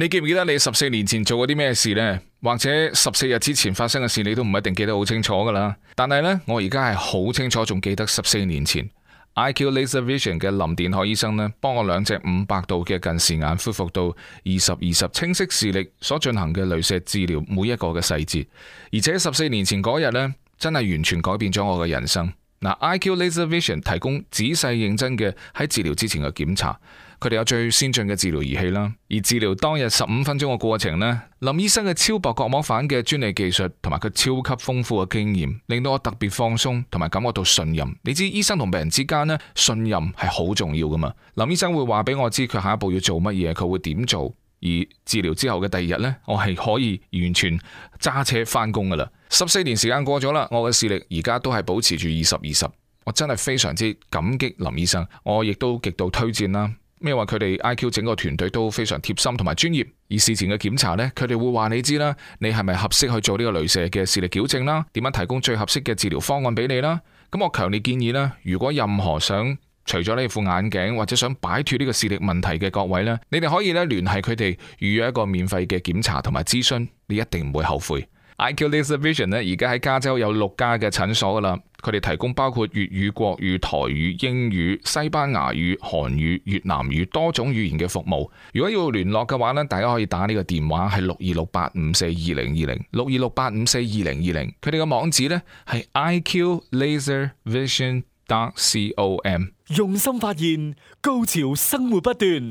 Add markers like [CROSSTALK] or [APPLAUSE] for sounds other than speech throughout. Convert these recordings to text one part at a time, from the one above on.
你記唔記得你十四年前做過啲咩事呢？或者十四日之前發生嘅事，你都唔一定記得好清楚噶啦。但係呢，我而家係好清楚，仲記得十四年前，IQ Laser Vision 嘅林電海醫生呢，幫我兩隻五百度嘅近視眼恢復到二十二十清晰視力，所進行嘅鐳射治療每一個嘅細節。而且十四年前嗰日呢，真係完全改變咗我嘅人生。嗱，IQ Laser Vision 提供仔細認真嘅喺治療之前嘅檢查。佢哋有最先進嘅治療儀器啦，而治療當日十五分鐘嘅過程呢，林醫生嘅超薄角膜反嘅專利技術同埋佢超級豐富嘅經驗，令到我特別放鬆同埋感覺到信任。你知醫生同病人之間呢，信任係好重要噶嘛？林醫生會話俾我知佢下一步要做乜嘢，佢會點做。而治療之後嘅第二日呢，我係可以完全揸車翻工噶啦。十四年時間過咗啦，我嘅視力而家都係保持住二十二十。我真係非常之感激林醫生，我亦都極度推薦啦。咩話佢哋 IQ 整個團隊都非常貼心同埋專業，而事前嘅檢查呢，佢哋會話你知啦，你係咪合適去做呢個鐳射嘅視力矯正啦？點樣提供最合適嘅治療方案俾你啦？咁我強烈建議啦，如果任何想除咗呢副眼鏡或者想擺脱呢個視力問題嘅各位呢，你哋可以咧聯繫佢哋預約一個免費嘅檢查同埋諮詢，你一定唔會後悔。IQ Laser Vision 呢，而家喺加州有六家嘅診所噶啦。佢哋提供包括粵語、國語、台語、英語、西班牙語、韓語、越南語多種語言嘅服務。如果要聯絡嘅話咧，大家可以打呢個電話係六二六八五四二零二零六二六八五四二零二零。佢哋嘅網址呢係 iqlaservision.com。用心發現，高潮生活不斷。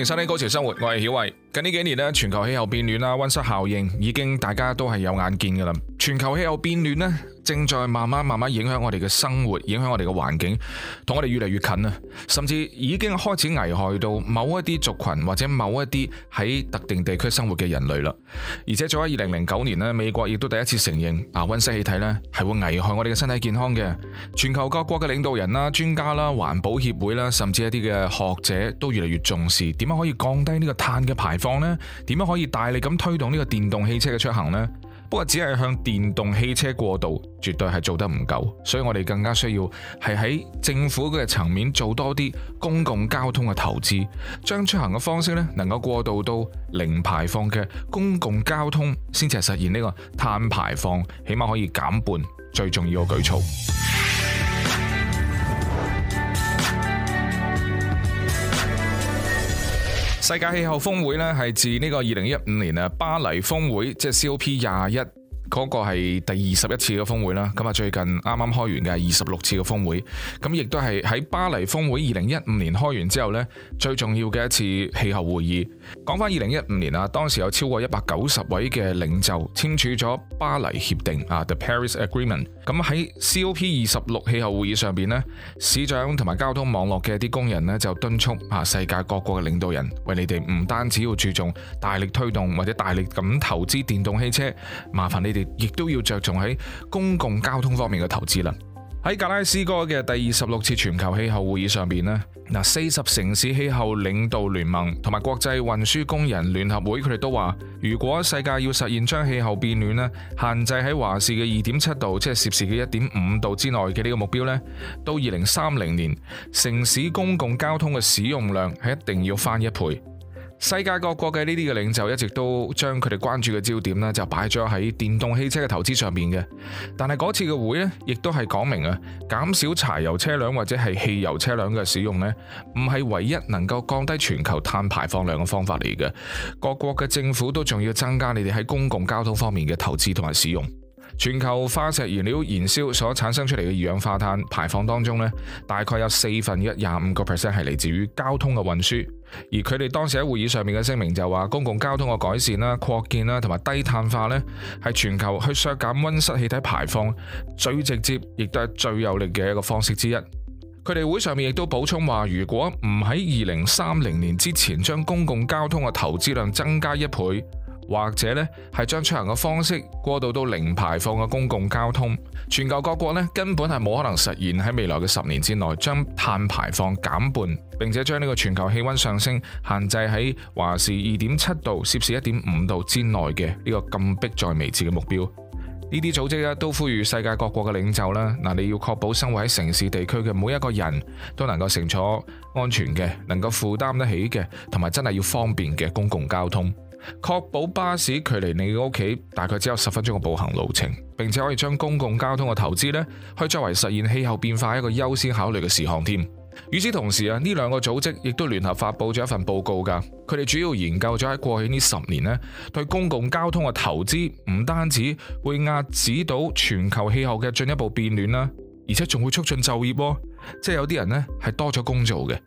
全新的高潮生活，我係曉慧。近呢幾年全球氣候變暖啦，溫室效應已經大家都係有眼見噶啦。全球氣候變暖呢，正在慢慢、慢慢影響我哋嘅生活，影響我哋嘅環境，同我哋越嚟越近啊！甚至已經開始危害到某一啲族群或者某一啲喺特定地區生活嘅人類啦。而且早喺二零零九年呢，美國亦都第一次承認啊，溫室氣體呢，係會危害我哋嘅身體健康嘅。全球各國嘅領導人啦、專家啦、環保協會啦，甚至一啲嘅學者都越嚟越重視點樣可以降低呢個碳嘅排放呢，點樣可以大力咁推動呢個電動汽車嘅出行呢。不過只係向電動汽車過渡，絕對係做得唔夠，所以我哋更加需要係喺政府嘅層面做多啲公共交通嘅投資，將出行嘅方式咧能夠過渡到零排放嘅公共交通，先至係實現呢個碳排放，起碼可以減半，最重要嘅舉措。世界氣候峰會咧，係自呢個二零一五年啊巴黎峰會即係 COP 廿一，就是嗰個係第二十一次嘅峰會啦，咁啊最近啱啱開完嘅二十六次嘅峰會，咁亦都係喺巴黎峰會二零一五年開完之後呢，最重要嘅一次氣候會議。講返二零一五年啊，當時有超過一百九十位嘅領袖簽署咗巴黎協定啊，《The Paris Agreement》。咁喺 COP 二十六氣候會議上邊呢，市長同埋交通網絡嘅啲工人呢，就敦促啊，世界各國嘅領導人，為你哋唔單止要注重大力推動或者大力咁投資電動汽車，麻煩你哋。亦都要着重喺公共交通方面嘅投資啦。喺格拉斯哥嘅第二十六次全球氣候會議上邊呢，嗱，四十城市氣候領導聯盟同埋國際運輸工人聯合會，佢哋都話，如果世界要實現將氣候變暖呢，限制喺華氏嘅二點七度，即係攝氏嘅一點五度之內嘅呢個目標呢，到二零三零年，城市公共交通嘅使用量係一定要翻一倍。世界各國嘅呢啲嘅領袖一直都將佢哋關注嘅焦點呢，就擺咗喺電動汽車嘅投資上面嘅。但係嗰次嘅會呢，亦都係講明啊，減少柴油車輛或者係汽油車輛嘅使用呢，唔係唯一能夠降低全球碳排放量嘅方法嚟嘅。各國嘅政府都仲要增加你哋喺公共交通方面嘅投資同埋使用。全球化石燃料燃燒所產生出嚟嘅二氧化碳排放當中呢，大概有四分一廿五個 percent 係嚟自於交通嘅運輸。而佢哋當時喺會議上面嘅聲明就話，公共交通嘅改善啦、擴建啦同埋低碳化咧，係全球去削減溫室氣體排放最直接亦都係最有力嘅一個方式之一。佢哋會上面亦都補充話，如果唔喺二零三零年之前將公共交通嘅投資量增加一倍。或者咧，係將出行嘅方式過渡到零排放嘅公共交通。全球各國咧根本係冇可能實現喺未來嘅十年之內，將碳排放減半，並且將呢個全球氣溫上升限制喺華氏二點七度、攝氏一點五度之內嘅呢個咁迫在眉睫嘅目標。呢啲組織咧都呼籲世界各國嘅領袖啦，嗱，你要確保生活喺城市地區嘅每一個人都能夠乘坐安全嘅、能夠負擔得起嘅，同埋真係要方便嘅公共交通。確保巴士距離你嘅屋企大概只有十分鐘嘅步行路程，並且可以將公共交通嘅投資咧，可以作為實現氣候變化一個優先考慮嘅事項添。與此同時啊，呢兩個組織亦都聯合發佈咗一份報告噶。佢哋主要研究咗喺過去呢十年呢，對公共交通嘅投資唔單止會遏止到全球氣候嘅進一步變暖啦，而且仲會促進就業，即係有啲人呢，係多咗工作嘅。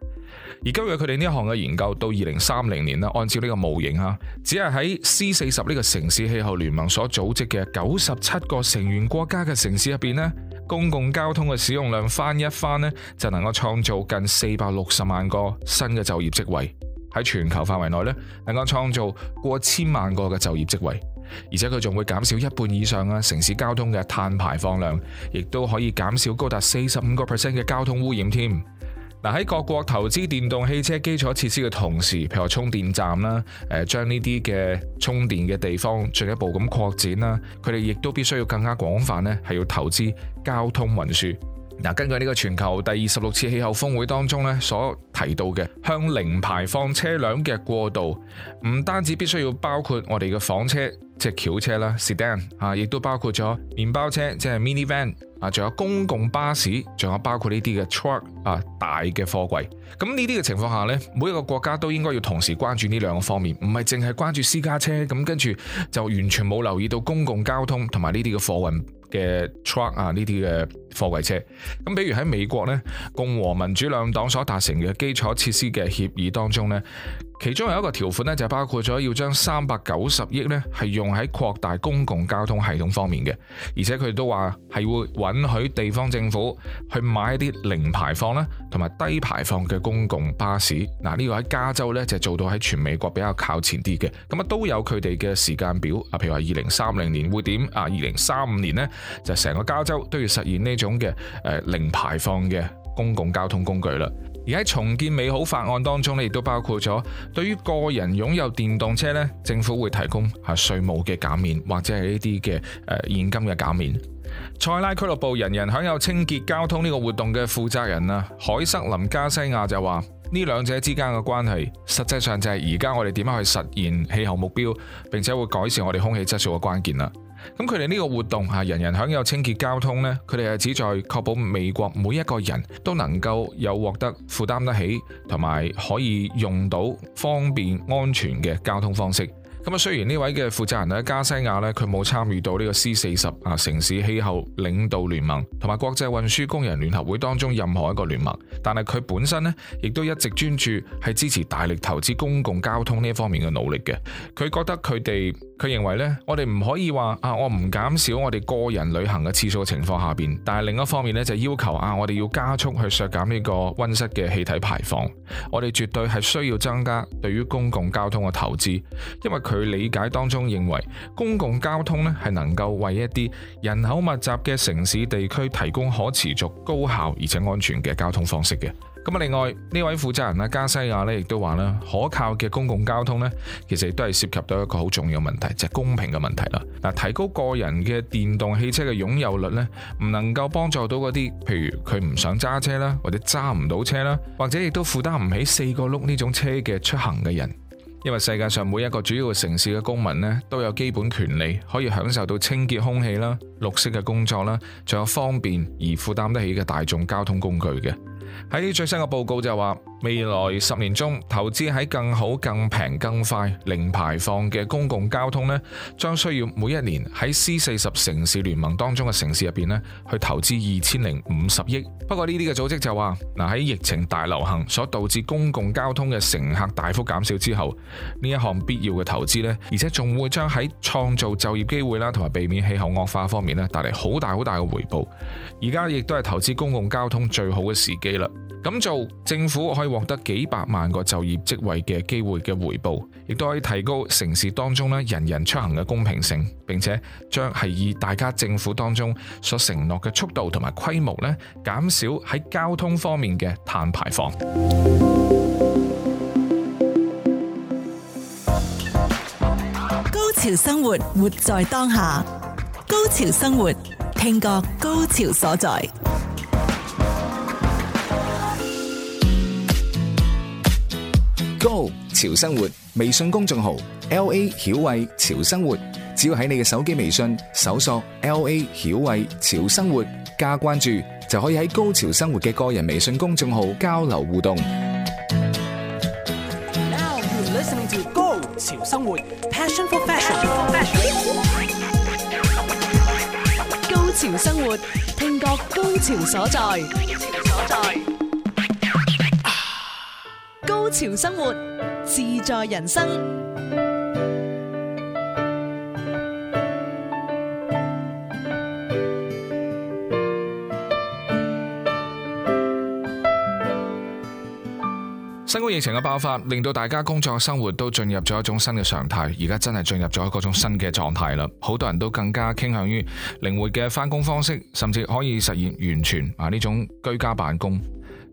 而今日佢哋呢一項嘅研究到二零三零年呢，按照呢個模型啊，只係喺 C 四十呢個城市氣候聯盟所組織嘅九十七個成員國家嘅城市入邊呢，公共交通嘅使用量翻一番呢，就能夠創造近四百六十萬個新嘅就業職位。喺全球範圍內呢，能夠創造過千萬個嘅就業職位，而且佢仲會減少一半以上啊城市交通嘅碳排放量，亦都可以減少高達四十五個 percent 嘅交通污染添。嗱，喺各國投資電動汽車基礎設施嘅同時，譬如話充電站啦，誒，將呢啲嘅充電嘅地方進一步咁擴展啦，佢哋亦都必須要更加廣泛咧，係要投資交通運輸。嗱，根據呢個全球第二十六次氣候峰會當中咧所提到嘅向零排放車輛嘅過渡，唔單止必須要包括我哋嘅房車即係轎車啦，sedan 啊，亦都包括咗麵包車即係 minivan。啊，仲有公共巴士，仲有包括呢啲嘅 truck 啊，大嘅貨櫃。咁呢啲嘅情況下咧，每一個國家都應該要同時關注呢兩個方面，唔係淨係關注私家車，咁跟住就完全冇留意到公共交通同埋呢啲嘅貨運嘅 truck 啊，呢啲嘅貨櫃車。咁比如喺美國呢，共和民主兩黨所達成嘅基礎設施嘅協議當中咧。其中有一個條款咧，就包括咗要將三百九十億咧，係用喺擴大公共交通系統方面嘅，而且佢都話係會允許地方政府去買一啲零排放啦，同埋低排放嘅公共巴士。嗱，呢個喺加州咧就做到喺全美國比較靠前啲嘅，咁啊都有佢哋嘅時間表啊，譬如話二零三零年會點啊，二零三五年呢，就成個加州都要實現呢種嘅誒零排放嘅公共交通工具啦。而喺重建美好法案當中咧，亦都包括咗對於個人擁有電動車咧，政府會提供係稅務嘅減免或者係呢啲嘅誒現金嘅減免。塞拉俱樂部人人享有清潔交通呢個活動嘅負責人啊，凱瑟琳加西亞就話：呢兩者之間嘅關係，實際上就係而家我哋點樣去實現氣候目標，並且會改善我哋空氣質素嘅關鍵啦。咁佢哋呢個活動吓，人人享有清潔交通咧，佢哋係旨在確保美國每一個人都能夠有獲得負擔得起，同埋可以用到方便安全嘅交通方式。咁啊，雖然呢位嘅負責人喺加西亞咧，佢冇參與到呢個 C 四十啊城市氣候領導聯盟同埋國際運輸工人聯合會當中任何一個聯盟，但係佢本身咧，亦都一直專注係支持大力投資公共交通呢一方面嘅努力嘅。佢覺得佢哋，佢認為咧，我哋唔可以話啊，我唔減少我哋個人旅行嘅次數嘅情況下邊。但係另一方面咧，就要求啊，我哋要加速去削減呢個溫室嘅氣體排放。我哋絕對係需要增加對於公共交通嘅投資，因為佢。佢理解當中認為，公共交通咧係能夠為一啲人口密集嘅城市地區提供可持續、高效而且安全嘅交通方式嘅。咁啊，另外呢位負責人啦，加西亞呢亦都話啦，可靠嘅公共交通呢其實亦都係涉及到一個好重要問題，即係公平嘅問題啦。嗱，提高個人嘅電動汽車嘅擁有率呢，唔能夠幫助到嗰啲，譬如佢唔想揸車啦，或者揸唔到車啦，或者亦都負擔唔起四個轆呢種車嘅出行嘅人。因為世界上每一個主要城市嘅公民呢，都有基本權利可以享受到清潔空氣啦、綠色嘅工作啦，仲有方便而負擔得起嘅大眾交通工具嘅。喺最新嘅報告就話，未來十年中，投資喺更好、更平、更快、零排放嘅公共交通呢，將需要每一年喺 C 四十城市聯盟當中嘅城市入邊呢去投資二千零五十億。不過呢啲嘅組織就話，嗱喺疫情大流行所導致公共交通嘅乘客大幅減少之後，呢一項必要嘅投資呢，而且仲會將喺創造就業機會啦，同埋避免氣候惡化方面呢，帶嚟好大好大嘅回報。而家亦都係投資公共交通最好嘅時機啦。咁做政府可以。獲得幾百萬個就業職位嘅機會嘅回報，亦都可以提高城市當中呢人人出行嘅公平性，並且將係以大家政府當中所承諾嘅速度同埋規模呢，減少喺交通方面嘅碳排放。高潮生活，活在當下。高潮生活，聽過高潮所在。高潮生活微信公眾號 L A 曉慧潮生活，只要喺你嘅手機微信搜索 L A 曉慧潮生活加關注，就可以喺高潮生活嘅個人微信公眾號交流互動。Now you listening to 高潮生活，passion for fashion。fashion。高潮生活，聽覺高潮所在。高潮高潮生活，自在人生。新冠疫情嘅爆發，令到大家工作生活都進入咗一種新嘅常態。而家真係進入咗一種新嘅狀態啦，好多人都更加傾向於靈活嘅返工方式，甚至可以實現完全啊呢種居家辦公。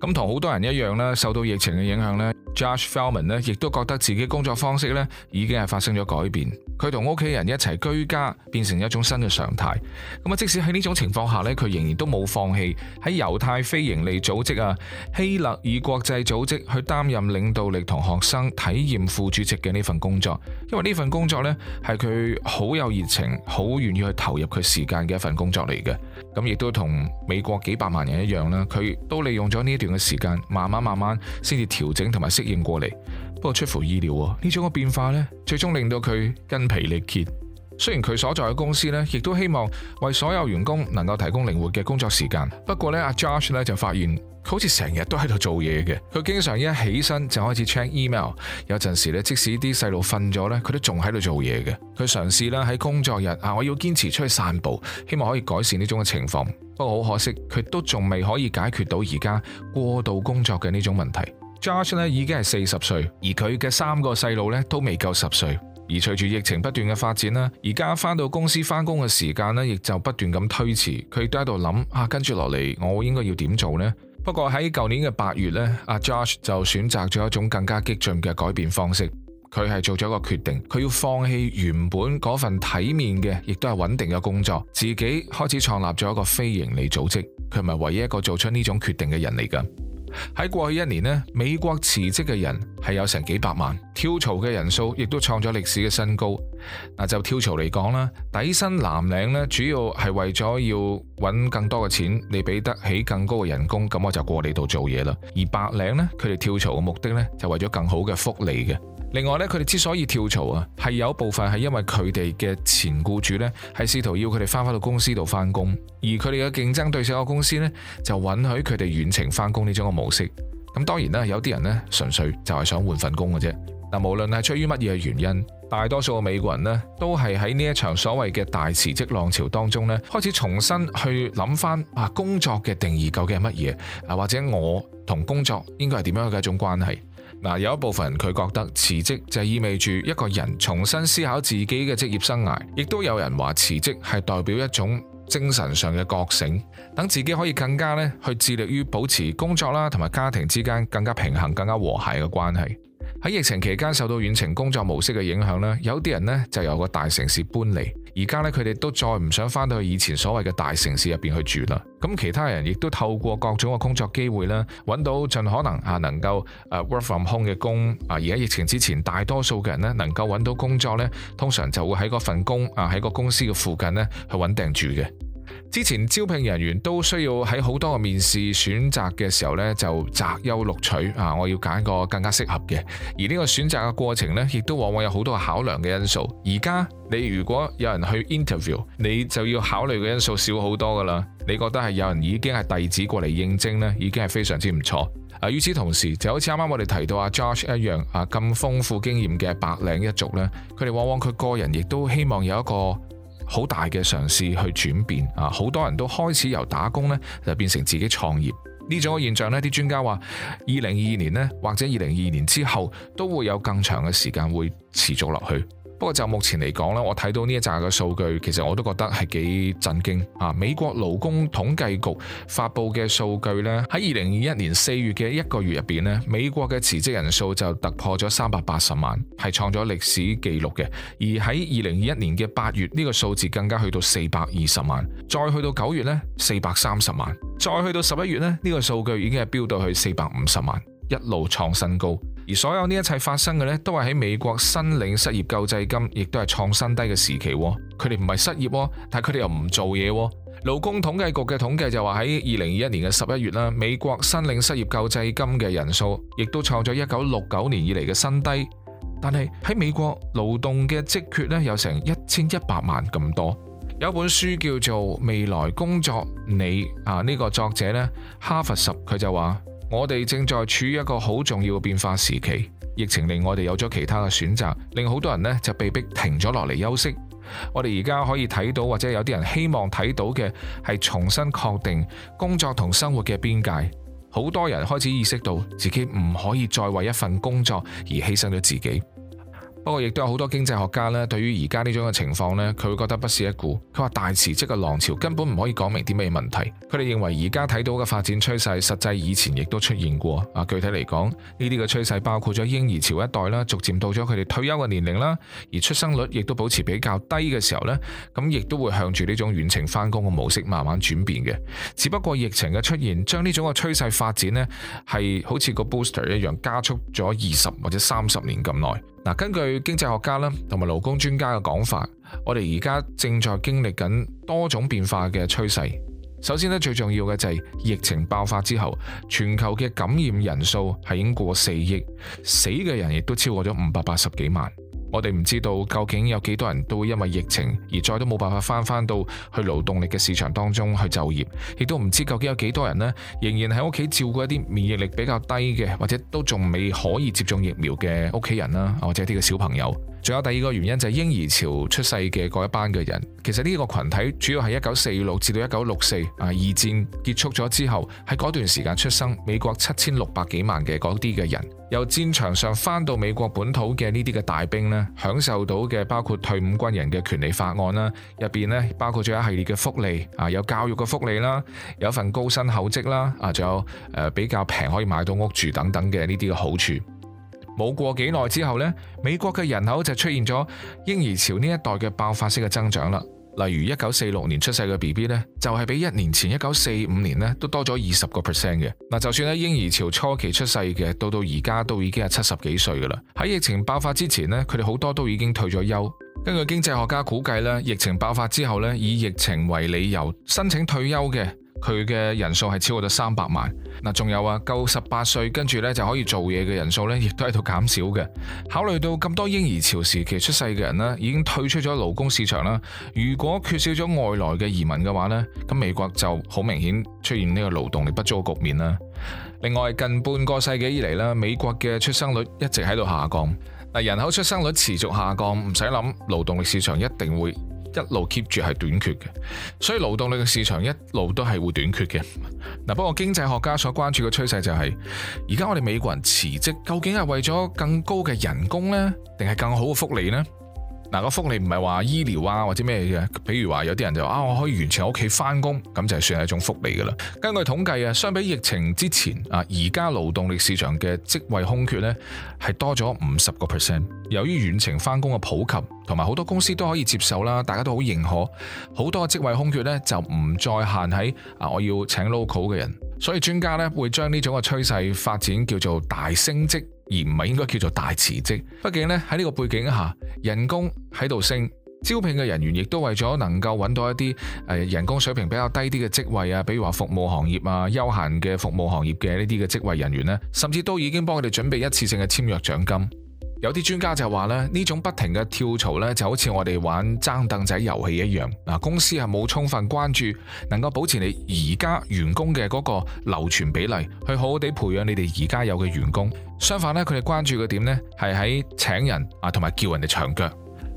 咁同好多人一樣啦，受到疫情嘅影響呢，Josh Feldman 呢亦都覺得自己工作方式呢已經係發生咗改變。佢同屋企人一齊居家，變成一種新嘅常態。咁啊，即使喺呢種情況下呢，佢仍然都冇放棄喺猶太非盈利組織啊希勒爾國際組織去擔任領導力同學生體驗副主席嘅呢份工作，因為呢份工作呢係佢好有熱情、好願意去投入佢時間嘅一份工作嚟嘅。咁亦都同美國幾百萬人一樣啦，佢都利用咗呢段嘅時間，慢慢慢慢先至調整同埋適應過嚟。不過出乎意料喎，呢種嘅變化呢，最終令到佢筋疲力竭。雖然佢所在嘅公司咧，亦都希望為所有員工能夠提供靈活嘅工作時間，不過咧，阿 Josh 咧就發現佢好似成日都喺度做嘢嘅，佢經常一起身就開始 check email，有陣時咧即使啲細路瞓咗咧，佢都仲喺度做嘢嘅。佢嘗試啦喺工作日啊，我要堅持出去散步，希望可以改善呢種嘅情況。不過好可惜，佢都仲未可以解決到而家過度工作嘅呢種問題。Josh 咧 [LAUGHS] 已經係四十歲，而佢嘅三個細路咧都未夠十歲。而隨住疫情不斷嘅發展咧，而家翻到公司翻工嘅時間咧，亦就不斷咁推遲。佢都喺度諗啊，跟住落嚟我應該要點做呢？不過喺舊年嘅八月咧，阿 Josh 就選擇咗一種更加激進嘅改變方式。佢係做咗一個決定，佢要放棄原本嗰份體面嘅，亦都係穩定嘅工作，自己開始創立咗一個非盈利組織。佢唔係唯一一個做出呢種決定嘅人嚟㗎。喺過去一年呢，美國辭職嘅人係有成幾百萬，跳槽嘅人數亦都創咗歷史嘅新高。嗱，就跳槽嚟講啦，底薪藍領呢，主要係為咗要揾更多嘅錢，你俾得起更高嘅人工，咁我就過你度做嘢啦。而白領呢，佢哋跳槽嘅目的呢，就為咗更好嘅福利嘅。另外咧，佢哋之所以跳槽啊，係有部分係因為佢哋嘅前僱主咧，係試圖要佢哋翻返到公司度翻工，而佢哋嘅競爭對手嘅公司咧，就允許佢哋遠程翻工呢種嘅模式。咁當然啦，有啲人咧純粹就係想換份工嘅啫。但無論係出於乜嘢原因，大多數嘅美國人咧，都係喺呢一場所謂嘅大辭職浪潮當中咧，開始重新去諗翻啊工作嘅定義究竟係乜嘢啊，或者我同工作應該係點樣嘅一種關係。嗱，有一部分人佢覺得辭職就意味住一個人重新思考自己嘅職業生涯，亦都有人話辭職係代表一種精神上嘅覺醒，等自己可以更加呢去致力於保持工作啦同埋家庭之間更加平衡、更加和諧嘅關係。喺疫情期間受到遠程工作模式嘅影響呢，有啲人呢就由個大城市搬嚟。而家咧，佢哋都再唔想翻到去以前所謂嘅大城市入邊去住啦。咁其他人亦都透過各種嘅工作機會啦，揾到盡可能啊能夠啊 work from home 嘅工啊。而喺疫情之前，大多數嘅人呢，能夠揾到工作呢，通常就會喺嗰份工啊喺嗰公司嘅附近呢，去穩定住嘅。之前招聘人員都需要喺好多個面試選擇嘅時候呢，就擇優錄取啊！我要揀個更加適合嘅。而呢個選擇嘅過程呢，亦都往往有好多考量嘅因素。而家你如果有人去 interview，你就要考慮嘅因素少好多噶啦。你覺得係有人已經係弟子過嚟應徵呢，已經係非常之唔錯。啊，與此同時就好似啱啱我哋提到阿，啊，Josh 一樣，啊咁豐富經驗嘅白領一族呢，佢哋往往佢個人亦都希望有一個。好大嘅嘗試去轉變啊！好多人都開始由打工咧，就變成自己創業，呢種嘅現象呢，啲專家話，二零二二年呢，或者二零二二年之後都會有更長嘅時間會持續落去。不過就目前嚟講咧，我睇到呢一紮嘅數據，其實我都覺得係幾震驚啊！美國勞工統計局發布嘅數據呢，喺二零二一年四月嘅一個月入邊咧，美國嘅辭職人數就突破咗三百八十萬，係創咗歷史記錄嘅。而喺二零二一年嘅八月，呢個數字更加去到四百二十萬，再去到九月呢，四百三十萬，再去到十一月呢，呢個數據已經係飆到去四百五十萬，一路創新高。而所有呢一切發生嘅咧，都係喺美國申領失業救濟金，亦都係創新低嘅時期。佢哋唔係失業，但係佢哋又唔做嘢。勞工統計局嘅統計就話喺二零二一年嘅十一月啦，美國申領失業救濟金嘅人數，亦都創咗一九六九年以嚟嘅新低。但係喺美國勞動嘅積缺職缺咧，有成一千一百萬咁多。有一本書叫做《未來工作》，你啊呢個作者咧，哈佛十佢就話。我哋正在處於一個好重要嘅變化時期，疫情令我哋有咗其他嘅選擇，令好多人呢就被迫停咗落嚟休息。我哋而家可以睇到，或者有啲人希望睇到嘅係重新確定工作同生活嘅邊界。好多人開始意識到自己唔可以再為一份工作而犧牲咗自己。不過亦都有好多經濟學家咧，對於而家呢種嘅情況呢，佢會覺得不屑一顧。佢話大辭職嘅浪潮根本唔可以講明啲咩問題。佢哋認為而家睇到嘅發展趨勢，實際以前亦都出現過。啊，具體嚟講呢啲嘅趨勢包括咗嬰兒潮一代啦，逐漸到咗佢哋退休嘅年齡啦，而出生率亦都保持比較低嘅時候呢，咁亦都會向住呢種遠程返工嘅模式慢慢轉變嘅。只不過疫情嘅出現，將呢種嘅趨勢發展呢，係好似個 booster 一樣加速咗二十或者三十年咁耐。根據經濟學家啦，同埋勞工專家嘅講法，我哋而家正在經歷緊多種變化嘅趨勢。首先咧，最重要嘅就係疫情爆發之後，全球嘅感染人數係已經過四億，死嘅人亦都超過咗五百八十幾萬。我哋唔知道究竟有幾多人都會因為疫情而再都冇辦法翻翻到去勞動力嘅市場當中去就業，亦都唔知究竟有幾多人呢，仍然喺屋企照顧一啲免疫力比較低嘅，或者都仲未可以接種疫苗嘅屋企人啦，或者一啲嘅小朋友。仲有第二個原因就係嬰兒潮出世嘅嗰一班嘅人，其實呢個群體主要係一九四六至到一九六四啊，二戰結束咗之後喺嗰段時間出生，美國七千六百幾萬嘅嗰啲嘅人，由戰場上翻到美國本土嘅呢啲嘅大兵呢，享受到嘅包括退伍軍人嘅權利法案啦，入邊呢，包括咗一系列嘅福利啊，有教育嘅福利啦，有份高薪厚職啦，啊，仲有比較平可以買到屋住等等嘅呢啲嘅好處。冇過幾耐之後呢，美國嘅人口就出現咗嬰兒潮呢一代嘅爆發式嘅增長啦。例如一九四六年出世嘅 B B 呢，就係、是、比一年前一九四五年呢都多咗二十個 percent 嘅。嗱，就算喺嬰兒潮初期出世嘅，到到而家都已經係七十幾歲噶啦。喺疫情爆發之前呢，佢哋好多都已經退咗休。根據經濟學家估計呢，疫情爆發之後呢，以疫情為理由申請退休嘅。佢嘅人數係超過咗三百萬，嗱，仲有啊，夠十八歲跟住咧就可以做嘢嘅人數咧，亦都喺度減少嘅。考慮到咁多嬰兒潮時期出世嘅人呢，已經退出咗勞工市場啦，如果缺少咗外來嘅移民嘅話呢，咁美國就好明顯出現呢個勞動力不足嘅局面啦。另外，近半個世紀以嚟呢，美國嘅出生率一直喺度下降，嗱，人口出生率持續下降，唔使諗，勞動力市場一定會。一路 keep 住係短缺嘅，所以勞動力嘅市場一路都係會短缺嘅。嗱， [LAUGHS] 不過經濟學家所關注嘅趨勢就係、是，而家我哋美國人辭職究竟係為咗更高嘅人工呢，定係更好嘅福利呢？嗱，個福利唔係話醫療啊，或者咩嘅，比如話有啲人就啊，我可以完全喺屋企翻工，咁就算係一種福利噶啦。根據統計啊，相比疫情之前啊，而家勞動力市場嘅職位空缺呢係多咗五十個 percent。由於遠程翻工嘅普及，同埋好多公司都可以接受啦，大家都好認可，好多職位空缺呢就唔再限喺啊，我要請 local 嘅人，所以專家呢會將呢種嘅趨勢發展叫做大升職，而唔係應該叫做大辭職，畢竟呢，喺呢個背景下，人工喺度升，招聘嘅人員亦都為咗能夠揾到一啲誒、呃、人工水平比較低啲嘅職位啊，比如話服務行業啊、休閒嘅服務行業嘅呢啲嘅職位人員咧，甚至都已經幫佢哋準備一次性嘅簽約獎金。有啲專家就話咧，呢種不停嘅跳槽就好似我哋玩爭凳仔遊戲一樣。公司係冇充分關注能夠保持你而家員工嘅嗰個留存比例，去好好地培養你哋而家有嘅員工。相反咧，佢哋關注嘅點咧，係喺請人啊同埋叫人哋牆腳。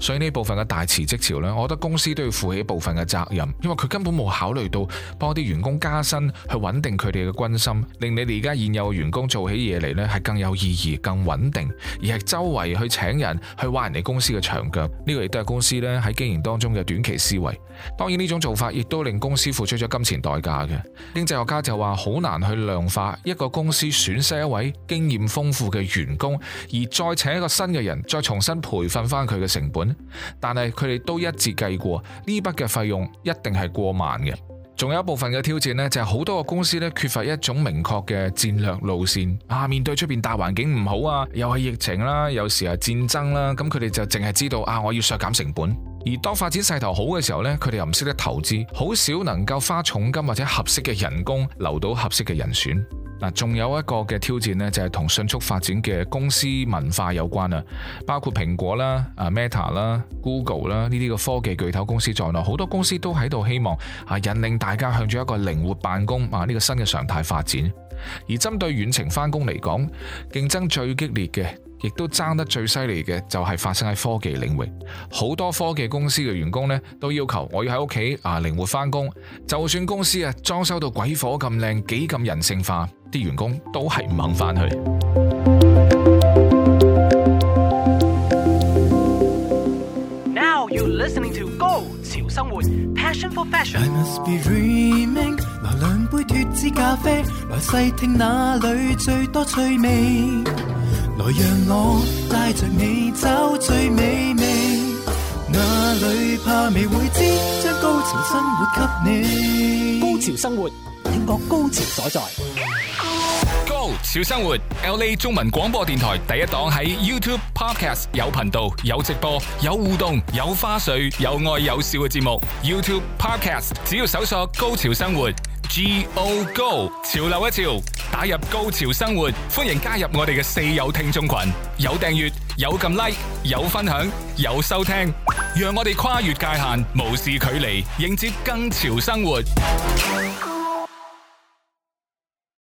所以呢部分嘅大辭職潮呢，我覺得公司都要負起部分嘅責任，因為佢根本冇考慮到幫啲員工加薪，去穩定佢哋嘅軍心，令你哋而家現有嘅員工做起嘢嚟呢，係更有意義、更穩定，而係周圍去請人去挖人哋公司嘅長腳，呢個亦都係公司呢喺經營當中嘅短期思維。當然呢種做法亦都令公司付出咗金錢代價嘅。經濟學家就話好難去量化一個公司損失一位經驗豐富嘅員工，而再請一個新嘅人再重新培訓翻佢嘅成本。但係佢哋都一致計過呢筆嘅費用一定係過萬嘅，仲有一部分嘅挑戰呢，就係好多個公司咧缺乏一種明確嘅戰略路線啊，面對出邊大環境唔好啊，又係疫情啦，有時係戰爭啦，咁佢哋就淨係知道啊，我要削減成本。而當發展勢頭好嘅時候呢，佢哋又唔識得投資，好少能夠花重金或者合適嘅人工留到合適嘅人選。嗱，仲有一個嘅挑戰呢，就係同迅速發展嘅公司文化有關啊，包括蘋果啦、啊 Meta 啦、Google 啦呢啲嘅科技巨頭公司在內，好多公司都喺度希望啊引領大家向住一個靈活辦公啊呢個新嘅常態發展。而針對遠程返工嚟講，競爭最激烈嘅，亦都爭得最犀利嘅，就係發生喺科技領域。好多科技公司嘅員工呢，都要求我要喺屋企啊，靈活翻工。就算公司啊裝修到鬼火咁靚，幾咁人性化，啲員工都係唔肯翻去。Now you're listening to go 潮生活，passion for fashion。來讓我帶着你找最美味，哪裏怕未會知，將高潮生活給你。高潮生活，英國高潮所在。高潮生活，LA 中文廣播電台第一檔喺 YouTube Podcast 有頻道、有直播、有互動、有花絮、有愛有笑嘅節目。YouTube Podcast 只要搜索“高潮生活”。G O Go，潮流一潮，打入高潮生活，歡迎加入我哋嘅四友聽眾群，有訂閱，有撳 like，有分享，有收聽，讓我哋跨越界限，無視距離，迎接更潮生活。